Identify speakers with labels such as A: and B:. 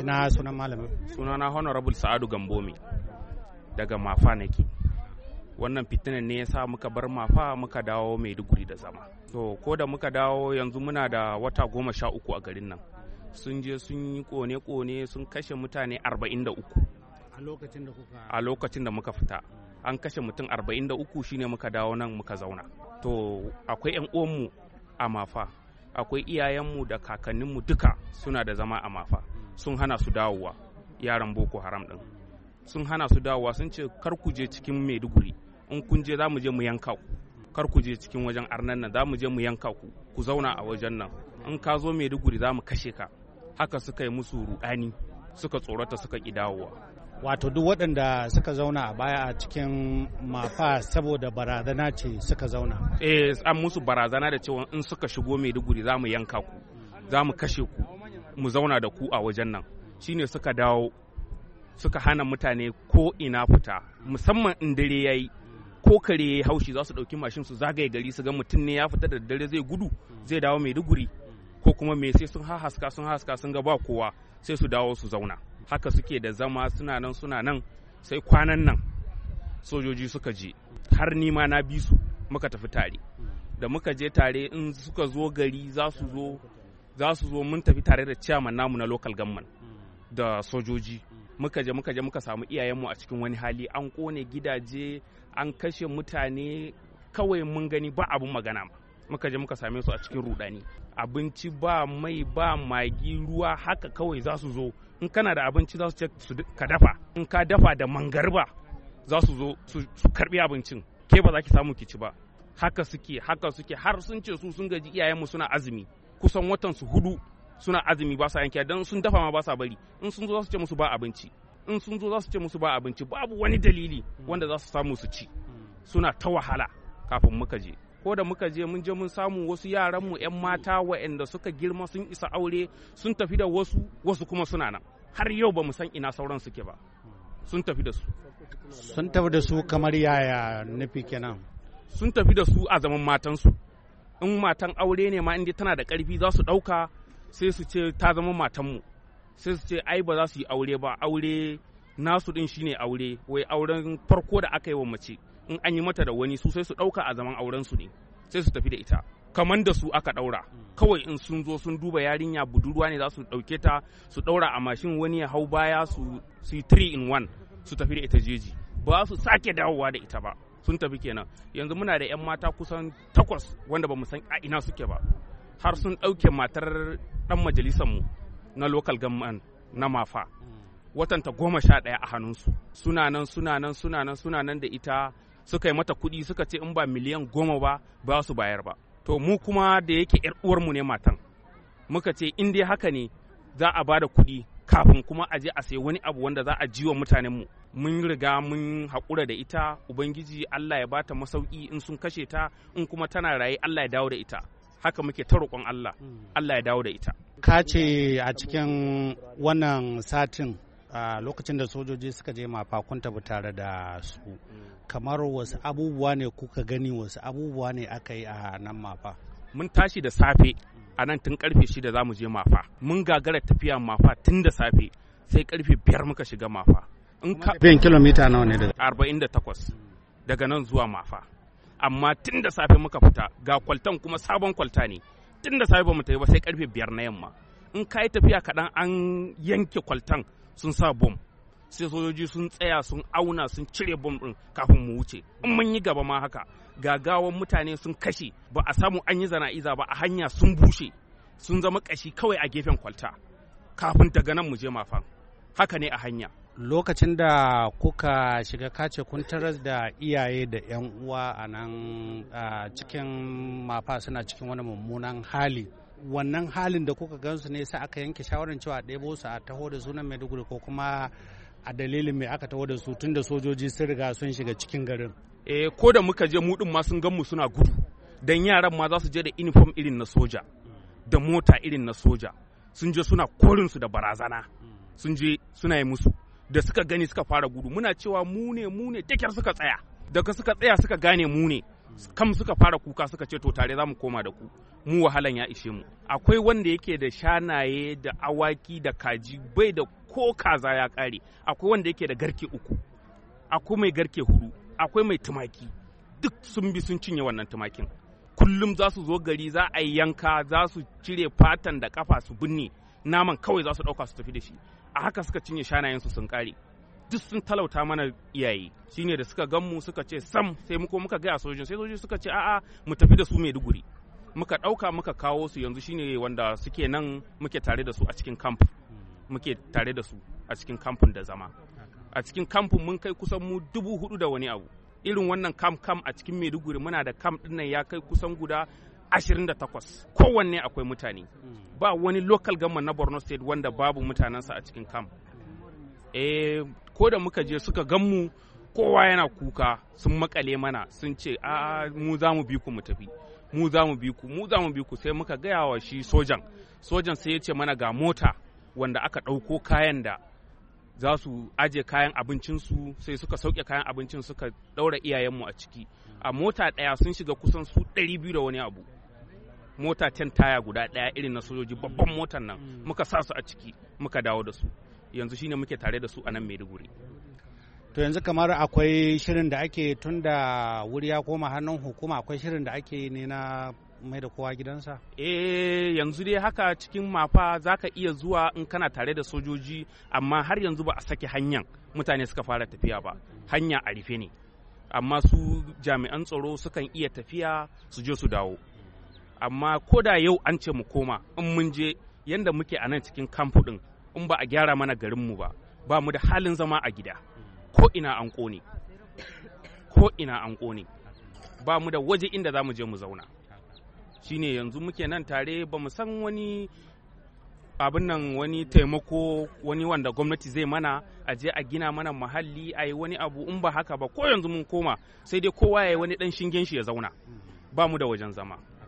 A: Ina
B: sunan malamin? Sunana Honorable Sa'adu Gambomi daga Mafa nake. Wannan fitinan ne ya sa muka bar Mafa muka dawo mai Maiduguri da zama. To, ko da muka dawo yanzu muna da wata goma sha uku a garin nan. Sun je sun yi kone-kone sun kashe mutane arba'in da uku. A lokacin da muka fita. An kashe mutum arba'in da uku shine muka dawo nan muka zauna. To, akwai 'yan uwanmu a Mafa. Akwai iyayenmu da kakanninmu duka suna da zama a Mafa. sun hana su dawowa yaran boko haram din sun hana su dawowa sun ce kar ku je cikin maiduguri in kun je za mu je mu yanka ku kar ku je cikin wajen arnan nan za mu je mu yanka ku ku zauna a wajen nan in ka zo maiduguri za mu kashe ka haka suka yi musu rudani suka tsorata suka ki dawowa
A: wato duk waɗanda suka zauna a baya a cikin mafa saboda barazana ce suka zauna
B: eh an musu barazana da cewa in suka shigo maiduguri za mu yanka ku za mu kashe ku mu zauna da ku a wajen nan shine suka dawo suka hana mutane ko ina fita musamman in dare yayi ko kare ya yi haushi za su dauki mashin su zagaye gari su ga mutum ne ya fita da dare zai gudu zai dawo maiduguri ko kuma me sai sun haska sun haska sun ga ba kowa sai su dawo su zauna haka suke da zama suna nan suna nan sai kwanan nan sojoji suka je har nima na bi su muka tafi tare da muka je tare in suka zo gari za su zo za su zo mun tafi tare da ciyaman namu na local gamman da sojoji hmm. muka je muka je muka samu iyayenmu a cikin wani hali an kone gidaje an kashe mutane kawai mun gani ba abun magana muka je muka same su a cikin rudani abinci ba mai ba magi ruwa haka kawai za su zo in kana da abinci za su ce ka dafa in ka dafa da mangarba za su zo su karbi abincin ke ba za ki samu ki ci ba haka suke haka suke har sun ce su sun gaji iyayenmu suna azumi kusan watan su hudu suna azumi ba sa yanke dan sun dafa ma ba sa bari in sun zo za su ce musu ba abinci in sun zo za su ce musu ba abinci babu wani dalili hmm. wanda za su samu su ci hmm. suna ta wahala kafin muka je ko da muka je mun je mun samu wasu yaran mu yan mata waɗanda suka girma sun isa aure sun tafi da wasu wasu kuma suna nan har yau ba mu san ina sauran suke ba hmm. sun tafi da su
A: sun tafi da su kamar
B: yaya nufi kenan sun tafi da su a zaman matansu in matan aure ne ma inda tana da ƙarfi za su ɗauka sai su ce ta zama matanmu sai su ce ai ba za su yi aure ba aure nasu din shine aure wai auren farko da aka yi wa mace in an yi mata da wani su sai su ɗauka a zaman auren su ne sai su tafi da ita kamar da su aka ɗaura kawai in sun zo sun duba yarinya budurwa ne za su ɗauke ta su ɗaura a mashin wani ya hau baya su su yi three in one su tafi da ita jeji ba su sake dawowa da ita ba sun tafi kenan yanzu muna da 'yan mata kusan takwas wanda ba mu san a ina suke ba har sun ɗauke matar ɗan majalisanmu na local government na mafa watanta goma sha ɗaya a hannunsu suna nan suna nan suna nan suna nan da ita suka yi mata kuɗi suka ce in ba miliyan goma ba ba su bayar ba to mu kuma da yake 'yar uwarmu ne matan muka ce in dai haka ne za a bada da kuɗi kafin kuma a je a sayi wani abu wanda za a ji wa mutanenmu mun riga mun haƙura da ita ubangiji allah ya bata masauki in sun kashe ta in kuma tana raye allah ya dawo da ita haka muke ta roƙon allah allah ya dawo da ita
A: ka ce a cikin wannan satin a lokacin da sojoji suka je mafakun tabu tare da su kamar
B: wasu abubuwa ne kuka gani wasu
A: abubuwa ne aka yi a nan mafa
B: mun tashi da safe a nan tun karfe shida za mu je mafa mun gagara tafiya mafa tun da safe sai karfe biyar muka shiga mafa in ka bin kilomita nawa ne daga arba'in da takwas daga nan zuwa mafa amma tun da safe muka fita ga kwaltan kuma sabon kwalta ne tun da safe ba mu tafi ba sai karfe biyar na yamma in ka yi tafiya kaɗan an yanke kwaltan sun sa bom sai sojoji sun tsaya sun auna sun cire bom ɗin kafin mu wuce in mun yi gaba ma haka gagawan mutane sun kashe ba a samu an yi zana'iza ba a hanya sun bushe sun zama kashi kawai a gefen kwalta kafin daga nan mu je haka ne a hanya
A: lokacin da kuka shiga kace kun taras da iyaye da 'yan uwa a nan cikin mafa suna cikin wani mummunan hali wannan halin da kuka gansu ne sai aka yanke shawarar cewa a ɗebo su a taho da sunan
B: maiduguri ko kuma a dalilin mai aka taho da su tun da sojoji sun riga sun shiga cikin garin eh ko da muka je mu ma sun gan mu suna gudu dan yaran ma za su je da uniform irin na soja da mota irin na soja sun je suna korin su da barazana sun je suna yi musu da suka gani suka fara gudu muna cewa mu ne mu ne suka tsaya daga suka tsaya suka gane mu ne kam suka fara kuka suka ce to tare za mu koma da ku mu wahalan ya ishe mu akwai wanda yake da shanaye da awaki da kaji bai da ko kaza ya kare akwai wanda yake da garke uku akwai mai garke hudu akwai mai tumaki duk sun bi sun cinye wannan tumakin kullum za su zo gari za a yi yanka za su cire fatan da kafa su binne naman kawai za su ɗauka su tafi da shi a haka suka cinye shanayensu sun kare duk sun talauta mana iyaye shine da suka gan mu suka ce sam sai muko muka gaya sojin sai sojin suka ce a'a mu tafi da su maiduguri muka ɗauka muka kawo su yanzu shine wanda suke nan muke tare da su a cikin camp muke tare da su a cikin kamfin da zama a cikin kamfin mun kai kusan mu dubu hudu da wani abu irin wannan kam kam a cikin maiduguri muna da kam dinnan ya kai kusan guda 28 kowanne akwai mutane ba wani local government na borno state wanda babu mutanensa a cikin kam eh ko da muka je suka gan mu kowa yana kuka sun makale mana sun ce a mu za mu bi ku mu tafi mu za mu bi ku mu za mu bi ku sai muka gayawa wa shi sojan sojan sai ya ce mana ga mota wanda aka ɗauko kayan da za su aje kayan abincinsu sai suka sauke kayan abincin suka ɗaura iyayenmu a ciki a mota ɗaya sun shiga kusan su ɗari biyu da wani abu mota can taya guda ɗaya irin na sojoji babban motan nan mm. muka sa su a ciki muka dawo da su yanzu shine muke tare da su a nan maiduguri
A: to yanzu kamar akwai shirin da ake tun da wuri ya koma hannun hukuma akwai shirin da ake ne na mai da kowa gidansa?
B: Eh yanzu dai haka cikin mafa za ka iya zuwa in kana tare da sojoji amma har yanzu ba a sake hanyar mutane suka fara tafiya ba hanya a rufe ne amma su jami'an tsaro sukan iya tafiya su je su dawo amma ko da yau an ce mu koma in mun je yanda muke a nan cikin kamfu ɗin in ba a gyara mana garinmu ba ba mu da halin zama a gida ko ina an kone ko ina an ƙone ba mu da waje inda za mu je mu zauna shine yanzu muke nan tare ba mu san wani abin nan wani taimako wani wanda gwamnati zai mana a je a gina mana muhalli a yi wani abu in ba haka ba ko yanzu mun koma sai dai kowa ya yi wani dan shingen shi ya zauna ba mu da wajen zama